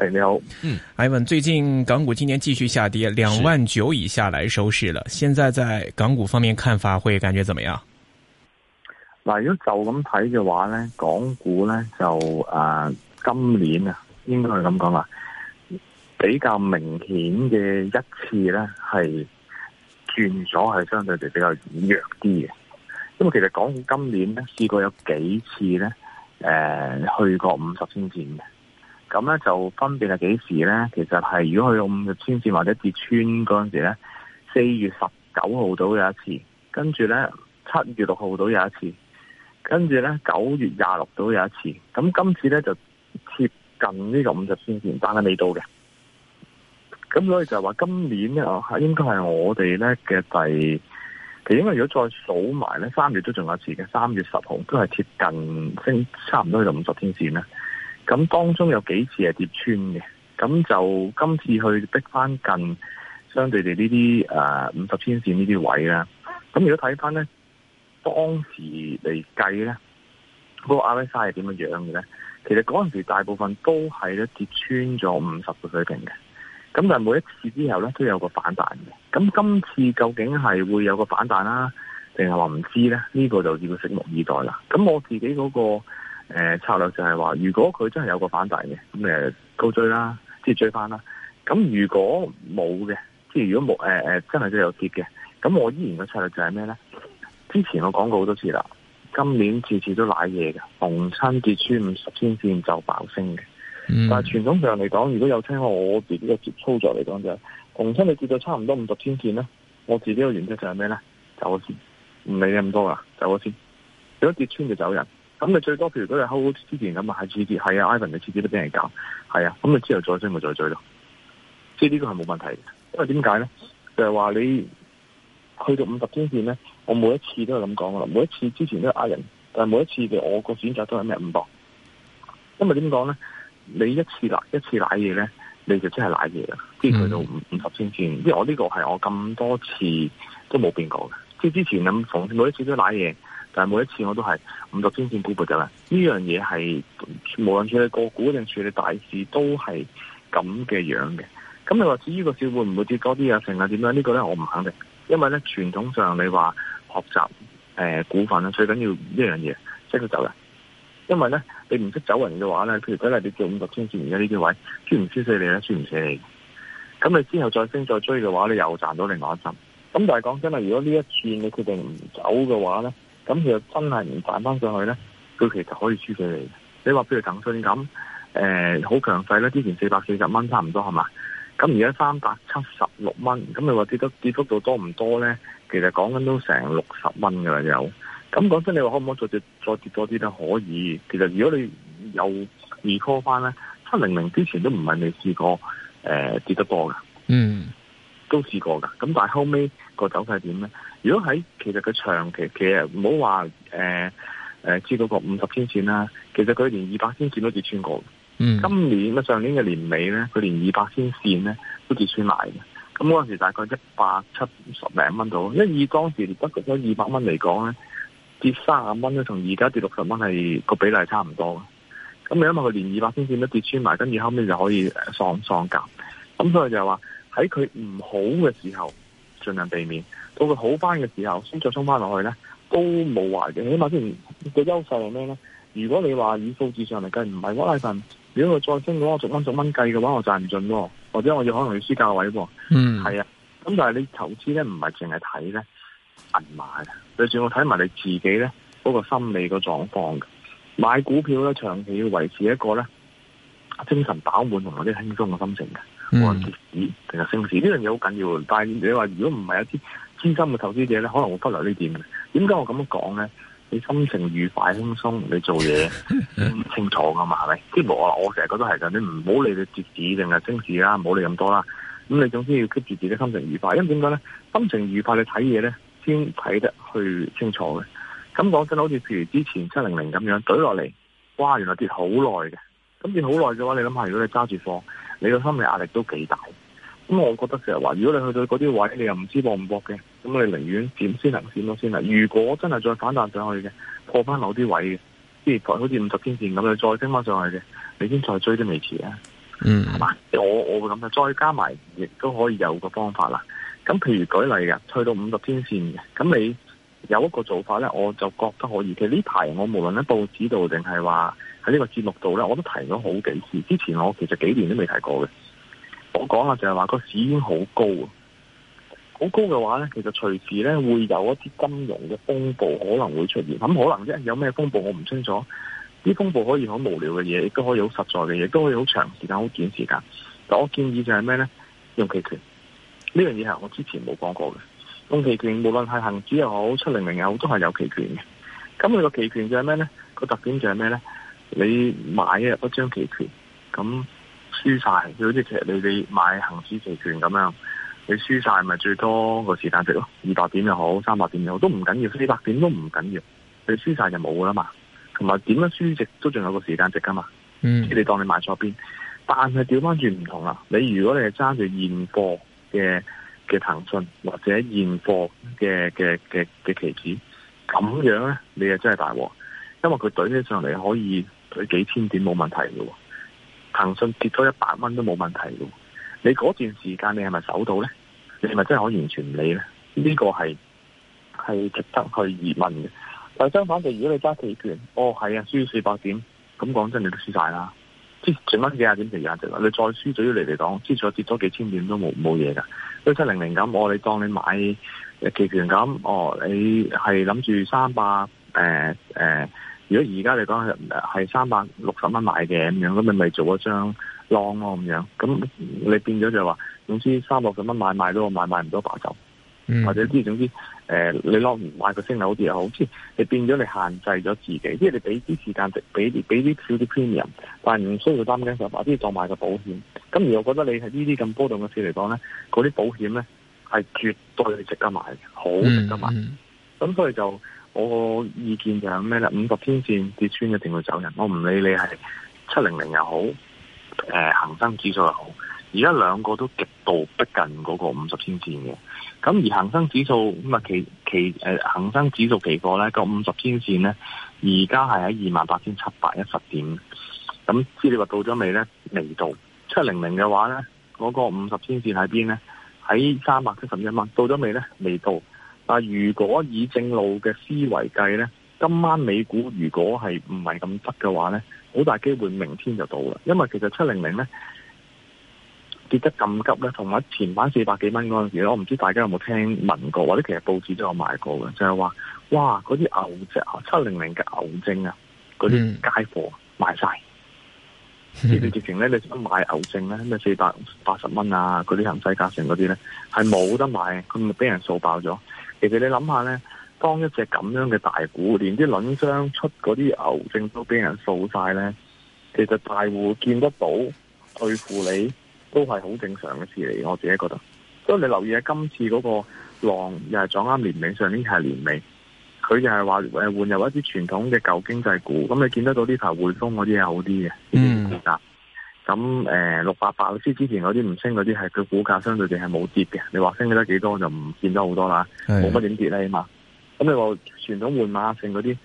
是，你好，嗯，Ivan，最近港股今年繼續下跌，兩萬九以下來收市了。現在在港股方面看法會感覺怎麼樣？嗱，如果就咁睇嘅話咧，港股咧就誒、呃、今年啊，應該係咁講啦，比較明顯嘅一次咧係轉咗係相對嚟比較軟弱啲嘅。因為其實港股今年咧試過有幾次咧誒、呃、去過五十天線嘅。咁咧就分別係幾時咧？其實係如果去到五十天線或者跌穿嗰陣時咧，四月十九號到有一次，跟住咧七月六號到有一次，跟住咧九月廿六到有一次。咁今次咧就貼近呢個五十天線，但係未到嘅。咁所以就係話今年咧，應該係我哋咧嘅第，其實應該如果再數埋咧，三月都仲有一次嘅，三月十號都係貼近升差唔多去到五十天線咧。咁當中有幾次係跌穿嘅，咁就今次去逼翻近，相對地呢啲誒五十天線呢啲位啦。咁如果睇翻呢當時嚟計呢，嗰、嗰個 RSI 係點樣樣嘅呢？其實嗰陣時大部分都係咧跌穿咗五十個水平嘅，咁但係每一次之後呢，都有個反彈嘅。咁今次究竟係會有個反彈啦、啊，定係話唔知呢？呢、呢個就要拭目以待啦。咁我自己嗰、嗰個。誒、呃，策略就係話，如果佢真係有個反彈嘅，咁誒高追啦，即係追翻啦。咁如果冇嘅，即係如果冇誒誒，真係都有跌嘅，咁我依然嘅策略就係咩咧？之前我講過好多次啦，今年次次都瀨嘢嘅，逢親跌穿五十天線就爆升嘅，嗯。但係傳統上嚟講，如果有聽過我我自己嘅操作嚟講就係，逢親你跌到差唔多五十天線咧，我自己嘅，就是，原則就係咩咧？走咗先，唔理你咁多啦，走先。如果跌穿就走人。咁咪最多，譬如嗰日收之前咁啊，係次次係啊 Ivan 嘅次次都俾人搞，係啊，咁你之後再追咪再追咯，即係呢個係冇問題，因為點解咧？就係話你去到五十天線咧，我每一次都係咁講啦，每一次之前都呃人，但係每一次嘅我個選擇都係咩五同，因為點講咧？你一次嗱一次瀨嘢咧，你就真係瀨嘢啦，跌去到五五十天線，即係我呢個係我咁多次都冇變過嘅，即係之前咁逢每一次都瀨嘢。但係每一次我都係五十天線沽，博噶啦，呢樣嘢係無論處理個股定處理大市都係咁嘅樣嘅。咁、嗯、你話至於個市會唔會跌多啲啊？成日點樣？呢、這個咧我唔肯定，因為咧傳統上你話學習誒、呃、股份咧最緊要一樣嘢，識得走人。因為咧你唔識走人嘅話咧，譬如舉例你做五十天線而家呢啲位，輸唔輸死你咧，輸唔死你。咁、嗯、你之後再升再追嘅話你又賺到另外一針。咁、嗯、但係講真啦，如果呢一次你決定唔走嘅話咧。咁其實真係唔反翻上去咧，佢其實可以輸俾你。你話譬如騰訊咁，誒好強勢咧，之前四百四十蚊差唔多係嘛？咁而家三百七十六蚊，咁你話跌得跌幅度多唔多咧？其實講緊都成六十蚊㗎啦有。咁講真，你話可唔可以再跌再跌多啲都可以。其實如果你有二 call 翻咧，七零零之前都唔係未試過誒跌得多㗎。嗯。都試過㗎，咁但係後尾個走勢點咧？如果喺其實佢長期，其實唔好話誒誒，知道個五十天線啦。其實佢連二百天線都跌穿過。嗯，今年乜上年嘅年尾咧，佢連二百天線咧都跌穿埋嘅。咁嗰陣時大概一百七十零蚊度，因為以當時得嗰二百蚊嚟講咧，跌三十蚊咧，同而家跌六十蚊係個比例差唔多嘅。咁你因為佢連二百天線都跌穿埋，跟住後尾就可以誒雙雙減。咁所以就係話。喺佢唔好嘅時候，盡量避免；到佢好翻嘅時候，先再衝翻落去咧，都冇壞嘅。起碼先個優勢係咩咧？如果你話以數字上嚟計，唔係我拉臣，如果佢再升到我逐蚊逐蚊計嘅話，我賺唔盡喎，或者我要可能要輸價位喎。嗯、mm.，係啊。咁但係你投資咧，唔係淨係睇咧銀碼嘅，就算我睇埋你自己咧，嗰個心理個狀況嘅。買股票咧，長期要維持一個咧精神飽滿同埋啲輕鬆嘅心情嘅。按跌市定係升市，呢樣嘢好緊要，但係你話如果唔係一啲資深嘅投資者咧，可能會忽略呢點嘅。點解我咁樣講咧？你心情愉快輕鬆，你做嘢清楚噶嘛？係 咪？即係我我其實我我覺得係噶，你唔好理你跌市定係升市啦，唔好理咁多啦。咁你總之要 keep 住自己心情愉快，因為點解咧？心情愉快你睇嘢咧，先睇得去清楚嘅。咁講真，好似譬如之前七零零咁樣，懟落嚟，哇！原來跌好耐嘅，咁跌好耐嘅話，你諗下，如果你揸住貨。你個心理壓力都幾大，咁我覺得成日話，如果你去到嗰啲位，你又唔知搏唔搏嘅，咁你寧願點先能點到先啦。如果真係再反彈上去嘅，破翻某啲位嘅，即係好似五十天線咁樣再升翻上去嘅，你先再追都未遲啊。嗯，係嘛？我我會咁嘅，再加埋亦都可以有個方法啦。咁譬如舉例嘅，去到五十天線嘅，咁你。有一個做法咧，我就覺得可以。其實呢排我無論喺報紙度定係話喺呢個節目度咧，我都提咗好幾次。之前我其實幾年都未提過嘅。我講啦，就係話個市已經好高，好高嘅話咧，其實隨時咧會有一啲金融嘅風暴可能會出現。咁可能一有咩風暴我唔清楚。啲風暴可以好無聊嘅嘢，亦都可以好實在嘅嘢，都可以好長時間，好短時間。但我建議就係咩咧？用期權呢樣嘢係我之前冇講過嘅。咁期權，無論係恒指又好，七零零又好，都係有期權嘅。咁你個期權就係咩咧？個特點就係咩咧？你買一張期權，咁輸晒，就好似其實你你買恒指期權咁樣，你輸晒咪最多個時間值咯，二百點又好，三百點又好，都唔緊要，四百點都唔緊要，你輸晒就冇噶啦嘛。同埋點樣輸值都仲有個時間值噶嘛。嗯，你當你買錯邊，但係調翻轉唔同啦。你如果你係揸住現貨嘅。嘅騰訊或者現貨嘅嘅嘅嘅期指，咁樣咧，你係真係大鑊，因為佢懟起上嚟可以懟幾千點冇問題嘅，騰訊跌多一百蚊都冇問題嘅，你嗰段時間你係咪守到咧？你係咪真係可以完全唔理咧？呢個係係值得去疑問嘅。但相反，就如果你揸期權，哦係啊，輸四百點，咁講真你都輸晒啦。即十蚊幾廿點時間你再輸咗於你嚟講，資助跌咗幾千點都冇冇嘢㗎。嗰七零零咁，我你當你買期權咁，哦，你係諗住三百誒誒，如果而家嚟講係三百六十蚊買嘅咁樣，咁你咪做一張浪咯咁樣，咁你變咗就話，總之三百六十蚊買買都我買買唔到白酒。或者之總之，誒、呃，你攞唔壞個升又好啲又好即係，你變咗你限制咗自己，因為你俾啲時間，俾啲俾啲少啲 premium，但係唔需要擔驚受怕啲當買個保險。咁而我覺得你係呢啲咁波動嘅事嚟講咧，嗰啲保險咧係絕對值得買的，好值得買的。咁、嗯嗯、所以就我意見就係咩啦？五十天綫跌穿一定會走人，我唔理你係七零零又好，誒恒生指數又好。而家兩個都極度逼近嗰個五十天線嘅，咁而恒生指數咁啊，期期誒恆生指數期貨咧個五十天線咧，而家係喺二萬八千七百一十點，咁知你話到咗未咧？未到七零零嘅話咧，嗰個五十天線喺邊咧？喺三百七十一蚊，到咗未咧？未到。但如果以正路嘅思維計咧，今晚美股如果係唔係咁得嘅話咧，好大機會明天就到啦，因為其實七零零咧。跌得咁急咧，同埋前晚四百幾蚊嗰陣時咧，我唔知大家有冇聽聞過，或者其實報紙都有賣過嘅，就係話哇嗰啲牛隻啊，七零零嘅牛證啊，嗰啲街貨賣曬。直情直情咧，你想買牛證咧，咩四百八十蚊啊，嗰啲行使價成嗰啲咧，係冇得買，咁咪俾人掃爆咗。其實你諗下咧，當一隻咁樣嘅大股，連啲輪商出嗰啲牛證都俾人掃曬咧，其實大戶見得到對付你。都係好正常嘅事嚟，我自己覺得。所以你留意下今次嗰個浪又係撞啱年尾。上邊係年尾，佢就係話誒換入一啲傳統嘅舊經濟股。咁你見得到呢頭匯豐嗰啲係好啲嘅，嗯，咁誒，六百八，之之前嗰啲唔升嗰啲係佢股價相對地係冇跌嘅。你話升得幾多就唔見咗好多啦，冇乜點跌咧嘛。起碼。咁你話傳統換馬性嗰啲？等等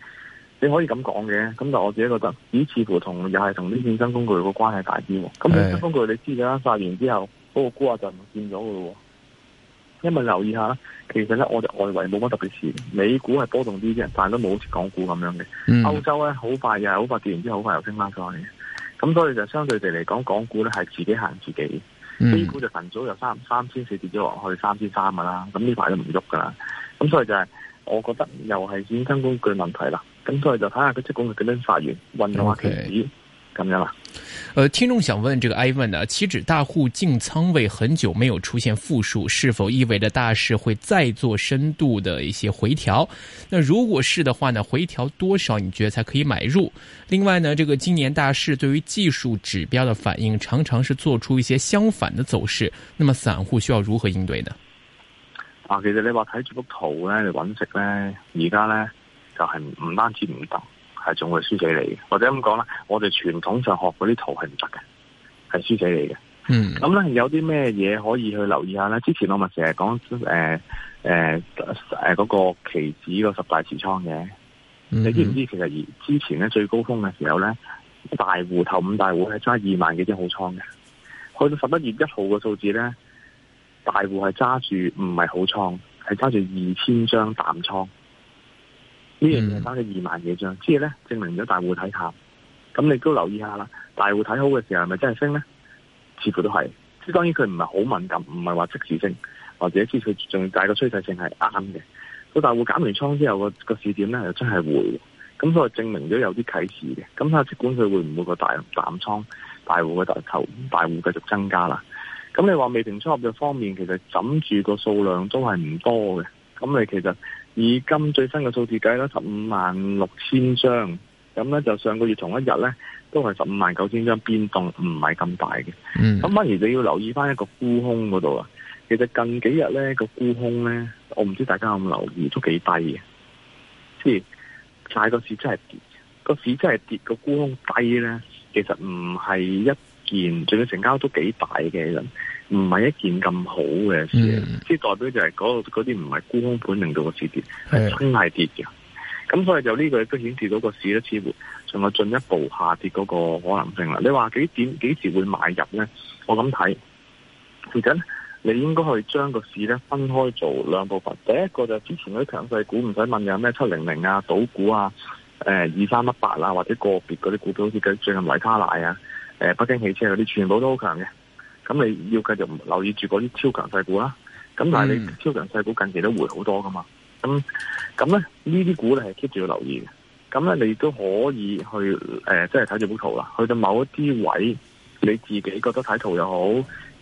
你可以咁講嘅，咁但我自己覺得，咦，似乎同又係同啲衍生工具個關係大啲。咁衍生工具你知噶啦，發完之後嗰、那個估價就唔見咗噶咯。因為留意下啦，其實咧我哋外圍冇乜特別事，美股係波動啲啫，但係都冇好似港股咁樣嘅。歐、嗯、洲咧好快又係好快跌完之後，好快又升翻上去。咁所以就相對地嚟講，港股咧係自己行自己，美股、嗯、就晨早又三三千四跌咗落去，三千三噶啦。咁呢排都唔喐噶啦。咁所以就係、是、我覺得又係衍生工具問題啦。咁佢就睇下佢即佢咁呃，聽眾想問這個 Ivan 啊，期指大戶淨倉位很久沒有出現負數，是否意味着大市會再做深度的一些回調？那如果是的話呢，回調多少你覺得才可以買入？另外呢，這個今年大市對於技術指標的反應常常是做出一些相反的走勢，那麼散戶需要如何應對呢？啊，其實你話睇住幅圖呢，嚟搵食呢，而家呢。就係、是、唔單止唔得，係仲會輸死你嘅，或者咁講啦，我哋傳統上學嗰啲圖係唔得嘅，係輸死你嘅。嗯、mm -hmm.，咁咧有啲咩嘢可以去留意一下咧？之前我咪成日講誒誒誒嗰個期指個十大持倉嘅，mm -hmm. 你知唔知？其實而之前咧最高峰嘅時候咧，大戶頭五大戶係揸二萬幾張好倉嘅，去到十一月一號嘅數字咧，大戶係揸住唔係好倉，係揸住二千張淡倉。呢樣嘢打咗二萬幾張，即係咧證明咗大戶睇淡。咁你都留意下啦，大戶睇好嘅時候係咪真係升咧？似乎都係。即係當然佢唔係好敏感，唔係話即時升，或者知佢仲大個趨勢性係啱嘅。個大戶減完倉之後個個市點咧，又真係回。咁所以證明咗有啲啟示嘅。咁睇下，即管佢會唔會個大減倉，大戶嘅突頭，大戶繼續增加啦。咁你話未平倉嘅方面，其實枕住個數量都係唔多嘅。咁你其實。而今最新嘅數字計啦，十五萬六千張，咁咧就上個月同一日咧都係十五萬九千張，變動唔係咁大嘅。嗯，咁反而你要留意翻一個沽空嗰度啊。其實近幾日咧個沽空咧，我唔知大家有冇留意，都幾低嘅。即係曬個市真係跌，個市真係跌，個沽空低咧，其實唔係一件，仲要成交都幾大嘅咁。唔係一件咁好嘅事，即、嗯、係代表就係嗰啲唔係沽空盤令到個市跌，係沖係跌嘅。咁所以就呢個亦都顯示到個市咧似乎仲有進一步下跌嗰個可能性啦。你話幾點幾時會買入咧？我咁睇，其實呢，你應該去將個市咧分開做兩部分。第一個就之前嗰啲強勢股，唔使問有咩七零零啊、賭股啊、誒二三一八啊或者個別嗰啲股票，好似最近維他奶啊、誒北京汽車嗰啲，全部都好強嘅。咁你要繼續留意住嗰啲超強勢股啦，咁、嗯、但係你超強勢股近期都回好多噶嘛，咁咁咧呢啲股你係 keep 住要留意嘅。咁咧你都可以去誒，即係睇住幅圖啦，去到某一啲位，你自己覺得睇圖又好，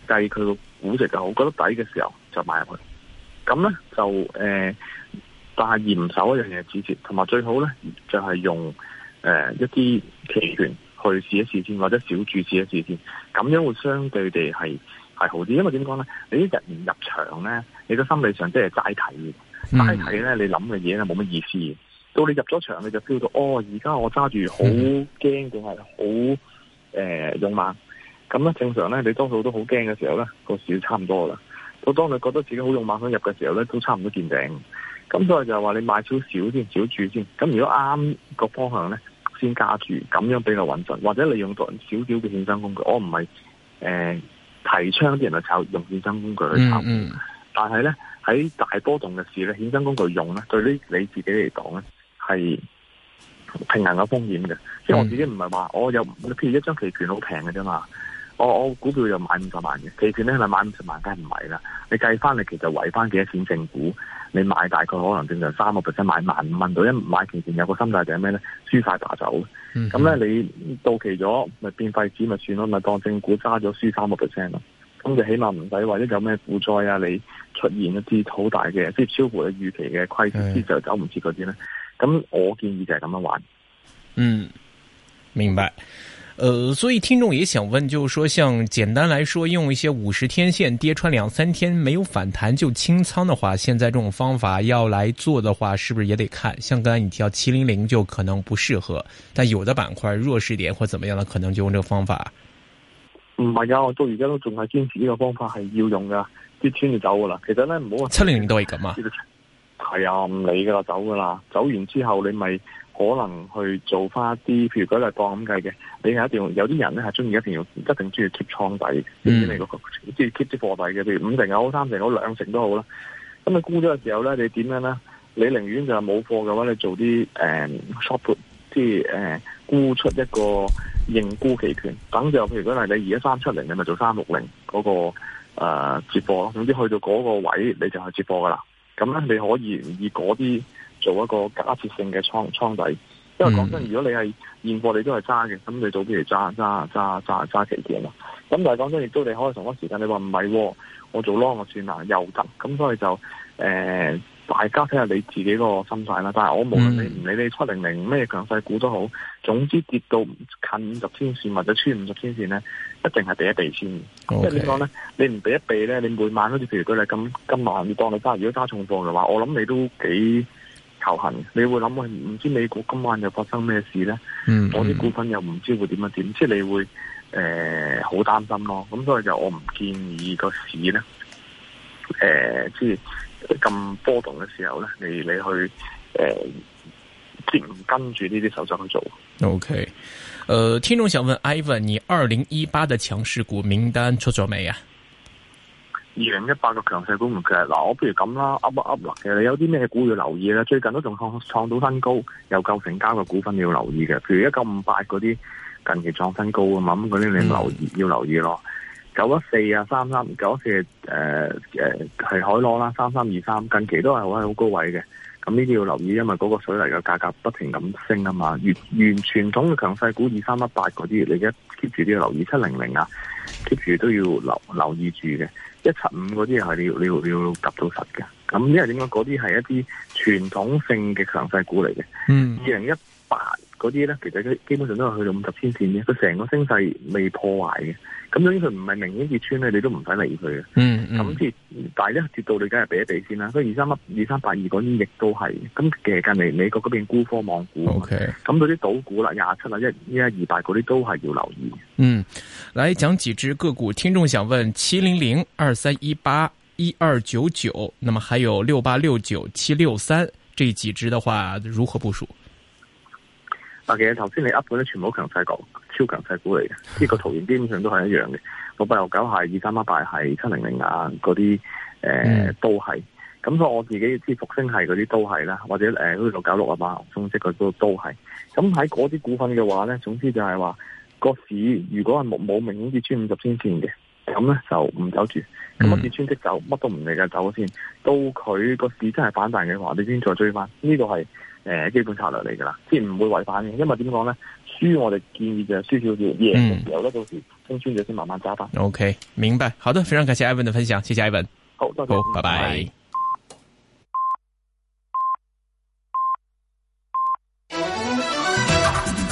計佢個估值又好，覺得抵嘅時候就買入去。咁咧就誒、呃，但係嚴守一樣嘢主接同埋最好咧就係、是、用誒、呃、一啲期權。去試一試先，或者小注試一試先，咁樣會相對地係係好啲。因為點講咧？你一日唔入場咧，你個心理上即係齋睇，齋睇咧，你諗嘅嘢咧冇乜意思。到你入咗場，你就 feel 到哦，而家我揸住好驚定係好誒勇猛。咁咧正常咧，你多數都好驚嘅時候咧，個市差唔多啦。到當你覺得自己好勇猛想入嘅時候咧，都差唔多見頂。咁所以就係話你買少少先，小注先。咁如果啱個方向咧？先加住咁樣比較穩陣，或者你用到少少嘅衍生工具，我唔係誒提倡啲人去炒，用衍生工具去炒，mm -hmm. 但係咧喺大波動嘅時咧，衍生工具用咧，對呢你自己嚟講咧係平衡有風險嘅，即、mm、係 -hmm. 我自己唔係話我有，譬如一張期權好平嘅啫嘛。我我股票又買五十萬嘅，期權咧咪買五十萬，梗係唔係啦。你計翻你其實為翻幾多錢正股，你買大概可能正常三個 percent 買萬五蚊到，因為買期權有個心態就係咩咧？輸快打走，咁、嗯、咧你到期咗咪變廢紙咪算咯，咪當正股揸咗輸三個 percent 咯。咁就起碼唔使或者有咩負債啊，你出現一啲好大嘅即係超過你預期嘅虧損，就走唔切嗰啲咧。咁、嗯、我建議就係咁樣玩。嗯，明白。呃，所以聽眾也想問，就是說，像簡單來說，用一些五十天線跌穿兩三天沒有反彈就清倉的話，現在這種方法要來做的話，是不是也得看？像剛才你提到七零零就可能不適合，但有的板塊弱勢點或怎麼樣的，可能就用這個方法。唔係啊，我到而家都仲係堅持呢個方法係要用噶，跌穿就走噶啦。其實呢，唔好話七零零都係咁啊，係啊，唔理噶啦，走噶啦，走完之後你咪。可能去做翻啲，譬如嗰嚟當咁計嘅，你一定要有啲人咧，係中意一定要一定中意 keep 倉底，即係 keep 啲貨底嘅，譬如五成有三成好，兩成都好啦。咁你沽咗嘅時候咧，你點樣咧？你寧願就係冇貨嘅話，你做啲誒 short，即係誒沽出一個認沽期權。等就譬如嗰嚟你而家三七零，你咪做三六零嗰個誒接貨咯。總之去到嗰個位你就係接貨噶啦。咁咧你可以以嗰啲，做一個加蝕性嘅倉倉底，因為講真，如果你係現貨，你都係揸嘅，咁你做譬如揸揸揸揸揸期貨嘛。咁但係講真，亦都你可以同一時間，你話唔係，我做攞我算啦，又得。咁、嗯、所以就誒、呃，大家睇下你自己個心態啦。但係我無論你唔理、嗯、你七零零咩強勢股都好，總之跌到近五十天線或者穿五十天線咧，一定係避一避先。即係點講咧？你唔避一避咧，你每晚好似譬如佢啲咁，今晚要當你揸，如果揸重貨嘅話，我諗你都幾。仇恨，你會諗係唔知美股今晚又發生咩事呢？我啲股份又唔知會點樣點，即係你會誒好擔心咯。咁所以就我唔建議個市呢，誒即係咁波動嘅時候呢，你你去誒接唔跟住呢啲手足去做。OK，誒，聽眾想問 Ivan，你二零一八嘅強勢股名單出咗未啊？二零一八個強勢股嚟嘅，嗱，我不如咁啦，up up 啦，其實你有啲咩股要留意咧？最近都仲創創到新高，又夠成交嘅股份要留意嘅，譬如一九五八嗰啲近期創新高啊嘛，咁嗰啲你留意、嗯、要留意咯。九一四啊，三三九一四誒誒係海螺啦，三三二三近期都係位好高位嘅，咁呢啲要留意，因為嗰個水泥嘅價格不停咁升啊嘛。完完傳統嘅強勢股二三一八嗰啲，你一 keep 住都要留意七零零啊，keep 住都要留要留，留意住嘅。一七五嗰啲係你要你要要踏到實嘅，咁因為點解嗰啲係一啲傳統性嘅強勢股嚟嘅。嗯，二零一八。嗰啲咧，其實佢基本上都係去到五十天線嘅，佢成個升勢未破壞嘅，咁所以佢唔係明顯跌穿咧，你都唔使理佢嘅。嗯嗯。咁即但係咧跌到你比比，梗係避一避先啦。所以二三一、二三八二嗰啲亦都係，咁其實近嚟美國嗰邊沽科網股。O K。咁到啲賭股啦，廿七啦一一二大嗰啲都係要留意。嗯，來講幾隻個股，聽眾想問七零零二三一八一二九九，那麼還有六八六九七六三這幾支的話，如何部署？其實頭先你 up 股咧全部強勢股，超強勢股嚟嘅。呢、這個圖形基本上都係一樣嘅。六八六九係，二三一八係，七零零啊，嗰啲誒都係。咁所以我自己知復星係嗰啲都係啦，或者誒、呃、六九六啊八中積佢都都係。咁喺嗰啲股份嘅話咧，總之就係話、那個市如果係冇冇明顯跌穿五十天線嘅，咁咧就唔走住。咁跌穿即走，乜、mm. 都唔理嘅走咗先。到佢、那個市真係反彈嘅話，你先再追翻。呢個係。誒，基本策略嚟噶啦，即係唔會違反嘅，因為點講咧？輸我哋建議就輸少少，嘢有得到時升穿咗先慢慢揸翻。O、okay, K，明白，好的，非常感謝艾文嘅分享，謝謝艾文。好，多謝，拜拜。拜拜